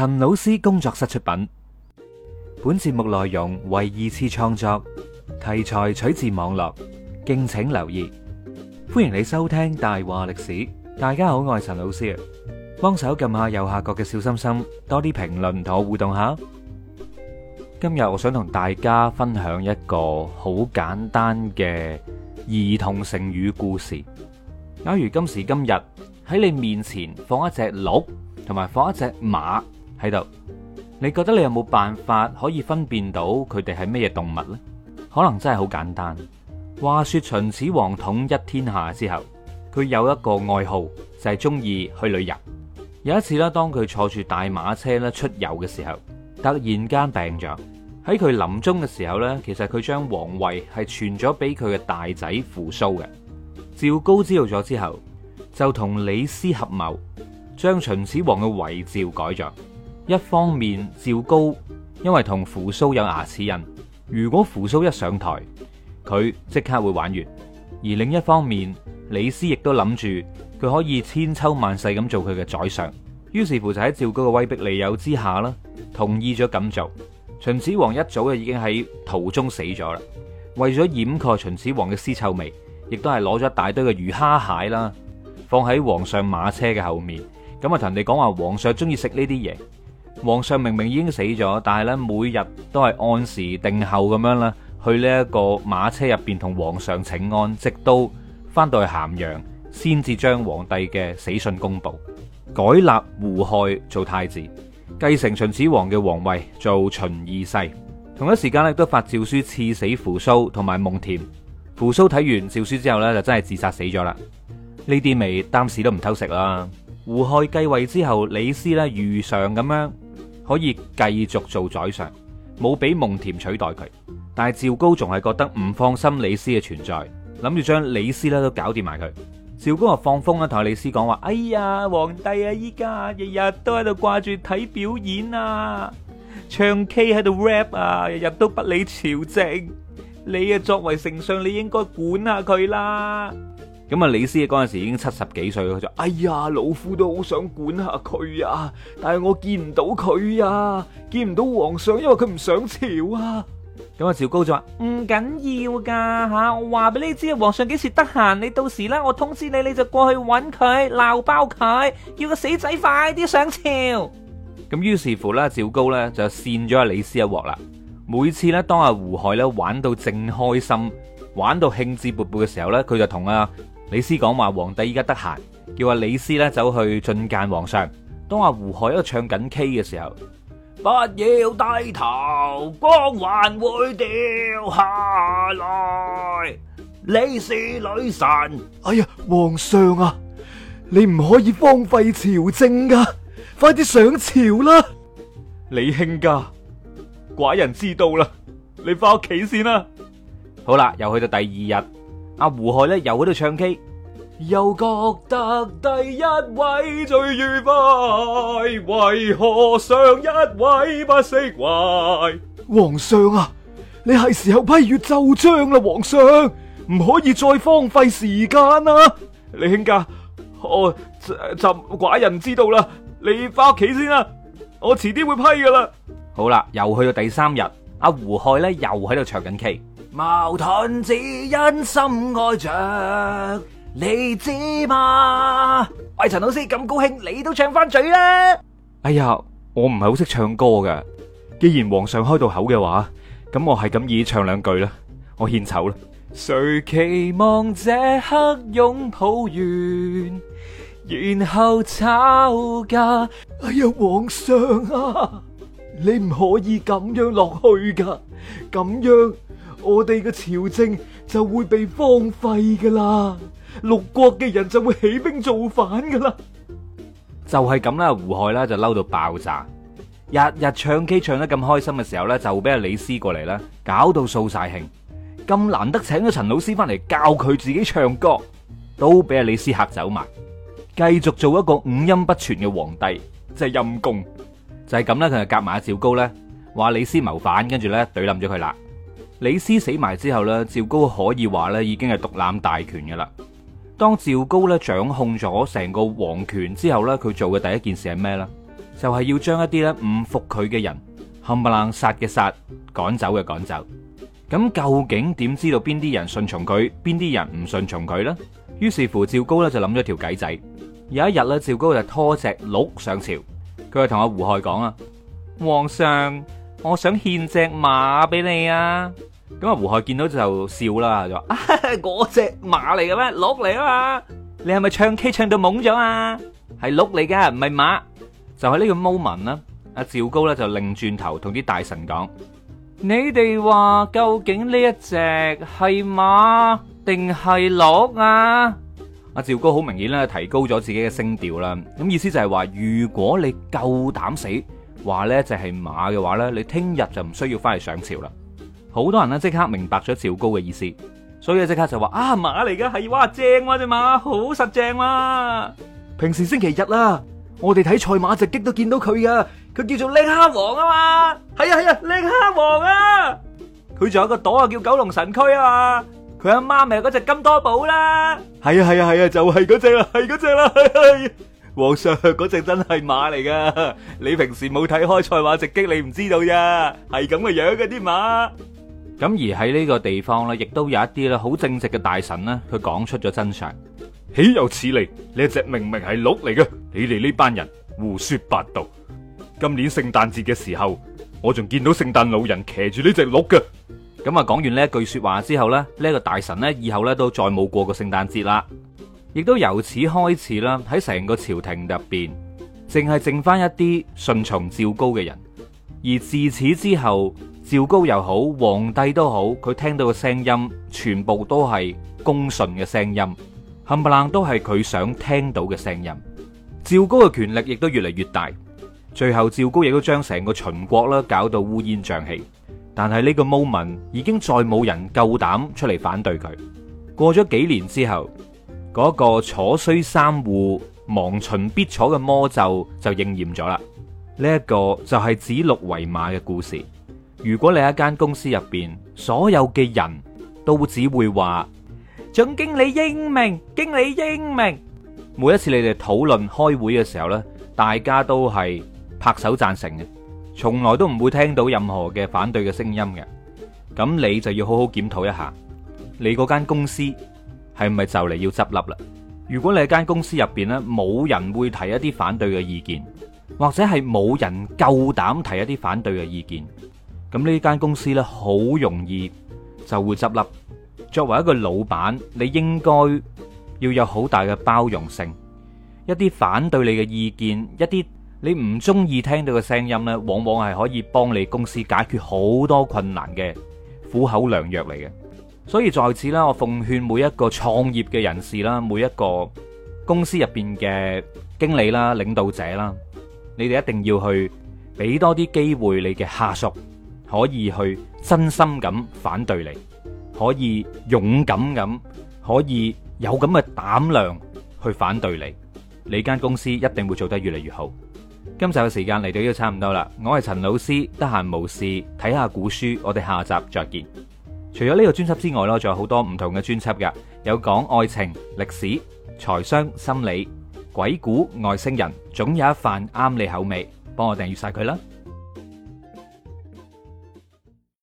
陳老師工作室出品，本節目內容為二次創作，題材取自網絡，敬請留意。歡迎你收聽《大話歷史》。大家好，我係陳老師啊，幫手撳下右下角嘅小心心，多啲評論同我互動下。今日我想同大家分享一個好簡單嘅兒童成語故事。假如今時今日，喺你面前放一隻鹿，同埋放一隻馬。喺度，你覺得你有冇辦法可以分辨到佢哋係咩動物咧？可能真係好簡單。話說秦始皇統一天下之後，佢有一個愛好，就係中意去旅遊。有一次啦，當佢坐住大馬車咧出遊嘅時候，突然間病咗。喺佢臨終嘅時候呢，其實佢將皇位係傳咗俾佢嘅大仔扶蘇嘅。趙高知道咗之後，就同李斯合謀，將秦始皇嘅遺詔改咗。一方面趙高因為同扶蘇有牙齒印，如果扶蘇一上台，佢即刻會玩完；而另一方面李斯亦都諗住佢可以千秋萬世咁做佢嘅宰相，於是乎就喺趙高嘅威逼利誘之下啦，同意咗咁做。秦始皇一早就已經喺途中死咗啦，為咗掩蓋秦始皇嘅屍臭味，亦都係攞咗一大堆嘅魚蝦蟹啦，放喺皇上馬車嘅後面，咁啊同你講話皇上中意食呢啲嘢。皇上明明已經死咗，但係咧每日都係按時定候咁樣啦，去呢一個馬車入邊同皇上請安，直到翻到去咸陽，先至將皇帝嘅死訊公布，改立胡亥做太子，繼承秦始皇嘅皇位做秦二世。同一時間咧都發詔書賜死扶蘇同埋蒙恬。扶蘇睇完詔書之後咧就真係自殺死咗啦。呢啲咪暫時都唔偷食啦。胡亥繼位之後，李斯咧如常咁樣，可以繼續做宰相，冇俾蒙恬取代佢。但係趙高仲係覺得唔放心李斯嘅存在，諗住將李斯咧都搞掂埋佢。趙高話放風啦，同李斯講話：哎呀，皇帝啊，依家日日都喺度掛住睇表演啊，唱 K 喺度 rap 啊，日日都不理朝政。你啊，作為丞相，你應該管下佢啦。咁啊，李斯嗰陣時已經七十幾歲，佢就：哎呀，老夫都好想管下佢啊，但係我見唔到佢啊，見唔到皇上，因為佢唔上朝啊。咁啊，趙高就話：唔緊要噶吓，我話俾你知啊，皇上幾時得閒，你到時啦，我通知你，你就過去揾佢鬧包佢，叫個死仔快啲上朝。咁於是乎啦，趙高咧就扇咗阿李斯一鑊啦。每次咧，當阿胡亥咧玩到正開心，玩到興致勃勃嘅時候咧，佢就同阿李斯講話，皇帝依家得閒，叫阿李斯咧走去覲見皇上。當阿胡海喺度唱緊 K 嘅時候，不要低頭，光環會掉下來。你是女神。哎呀，皇上啊，你唔可以荒廢朝政噶、啊，快啲上朝啦。李卿家，寡人知道啦，你翻屋企先啦。好啦，又去到第二日。阿胡亥咧又喺度唱 K，又覺得第一位最愉快，為何上一位不釋懷？皇上啊，你係時候批閱奏章啦，皇上唔可以再荒廢時間啦、啊。李卿家，哦就寡人知道啦，你返屋企先啦，我遲啲會批噶啦。好啦，又去到第三日，阿胡亥咧又喺度唱緊 K。矛盾只因深愛着，你知嘛？喂，陳老師咁高興，你都唱翻嘴啦！哎呀，我唔係好識唱歌噶。既然皇上開到口嘅話，咁我係咁意唱兩句啦，我獻醜啦。誰期望這刻擁抱完，然後吵架？哎呀，皇上啊，你唔可以咁樣落去噶，咁樣。我哋嘅朝政就會被荒廢噶啦，六國嘅人就會起兵造反噶啦。就係咁啦，胡亥咧就嬲到爆炸，日日唱 K 唱得咁開心嘅時候咧，就俾阿李斯過嚟啦，搞到掃晒興。咁難得請咗陳老師翻嚟教佢自己唱歌，都俾阿李斯嚇走埋，繼續做一個五音不全嘅皇帝，就係陰功。就係咁啦。佢就夾埋阿趙高咧，話李斯謀反，跟住咧懟冧咗佢啦。李斯死埋之後咧，趙高可以話咧已經係獨攬大權嘅啦。當趙高咧掌控咗成個皇權之後咧，佢做嘅第一件事係咩咧？就係、是、要將一啲咧唔服佢嘅人冚唪唥殺嘅殺，趕走嘅趕走。咁究竟點知道邊啲人順從佢，邊啲人唔順從佢呢？於是乎，趙高咧就諗咗條計仔。有一日咧，趙高就拖隻鹿上朝，佢就同阿胡亥講啊，皇上，我想獻隻馬俾你啊！咁啊！胡亥見到就笑啦，就話：嗰隻馬嚟嘅咩？鹿嚟啊嘛！你係咪唱 K 唱到懵咗啊？係鹿嚟噶，唔係馬。就係呢個 moment 啦。阿趙高咧就擰轉頭同啲大臣講：你哋話究竟呢一隻係馬定係鹿啊？阿趙高好明顯咧提高咗自己嘅聲調啦。咁意思就係話：如果你夠膽死話呢一隻係馬嘅話咧，你聽日就唔需要返去上朝啦。好多人咧即刻明白咗趙高嘅意思，所以即刻就話：啊馬嚟噶，係、哎、哇正啊隻馬，好實正啊。平時星期日啊，我哋睇賽馬直擊都見到佢噶，佢叫做拎蝦王啊嘛，係啊係啊拎蝦王啊！佢仲、啊啊啊、有個朵啊叫九龍神駒啊嘛，佢阿媽咪係嗰隻金多寶啦、啊，係啊係啊係啊，就係嗰隻啦，係嗰隻啦！皇上嗰隻真係馬嚟噶，你平時冇睇開賽馬直擊，你唔知道咋，係咁嘅樣嘅啲馬。咁而喺呢個地方呢亦都有一啲咧好正直嘅大臣呢，佢講出咗真相。豈有此理，呢隻明明係鹿嚟嘅。你哋呢班人胡說八道！今年聖誕節嘅時候，我仲見到聖誕老人騎住呢隻鹿㗎。咁啊，講完呢句說話之後咧，呢個大臣呢，以後呢都再冇過過聖誕節啦。亦都由此開始啦，喺成個朝廷入邊，淨係剩翻一啲順從趙高嘅人。而自此之後，趙高又好，皇帝都好，佢聽到嘅聲音全部都係恭順嘅聲音，冚唪唥都係佢想聽到嘅聲音。趙高嘅權力亦都越嚟越大，最後趙高亦都將成個秦國啦搞到烏煙瘴氣。但係呢個 moment 已經再冇人夠膽出嚟反對佢。過咗幾年之後，嗰、那個「楚雖三戶，亡秦必楚」嘅魔咒就應驗咗啦。呢、這、一個就係指鹿為馬嘅故事。如果你喺間公司入邊，所有嘅人都只會話總經理英明，經理英明。每一次你哋討論開會嘅時候咧，大家都係拍手贊成嘅，從來都唔會聽到任何嘅反對嘅聲音嘅。咁你就要好好檢討一下，你嗰間公司係咪就嚟要執笠啦？如果你喺間公司入邊咧，冇人會提一啲反對嘅意見，或者係冇人夠膽提一啲反對嘅意見。咁呢間公司呢，好容易就會執笠。作為一個老闆，你應該要有好大嘅包容性。一啲反對你嘅意見，一啲你唔中意聽到嘅聲音呢，往往係可以幫你公司解決好多困難嘅苦口良藥嚟嘅。所以在此啦，我奉勸每一個創業嘅人士啦，每一個公司入邊嘅經理啦、領導者啦，你哋一定要去俾多啲機會你嘅下屬，可以去真心咁反對你，可以勇敢咁，可以有咁嘅膽量去反對你。你間公司一定會做得越嚟越好。今集嘅時間嚟到都差唔多啦，我係陳老師，得閒無事睇下古書，我哋下集再見。除咗呢個專輯之外，呢仲有好多唔同嘅專輯㗎，有講愛情、歷史、財商、心理、鬼故、外星人，總有一份啱你口味。幫我訂閱晒佢啦。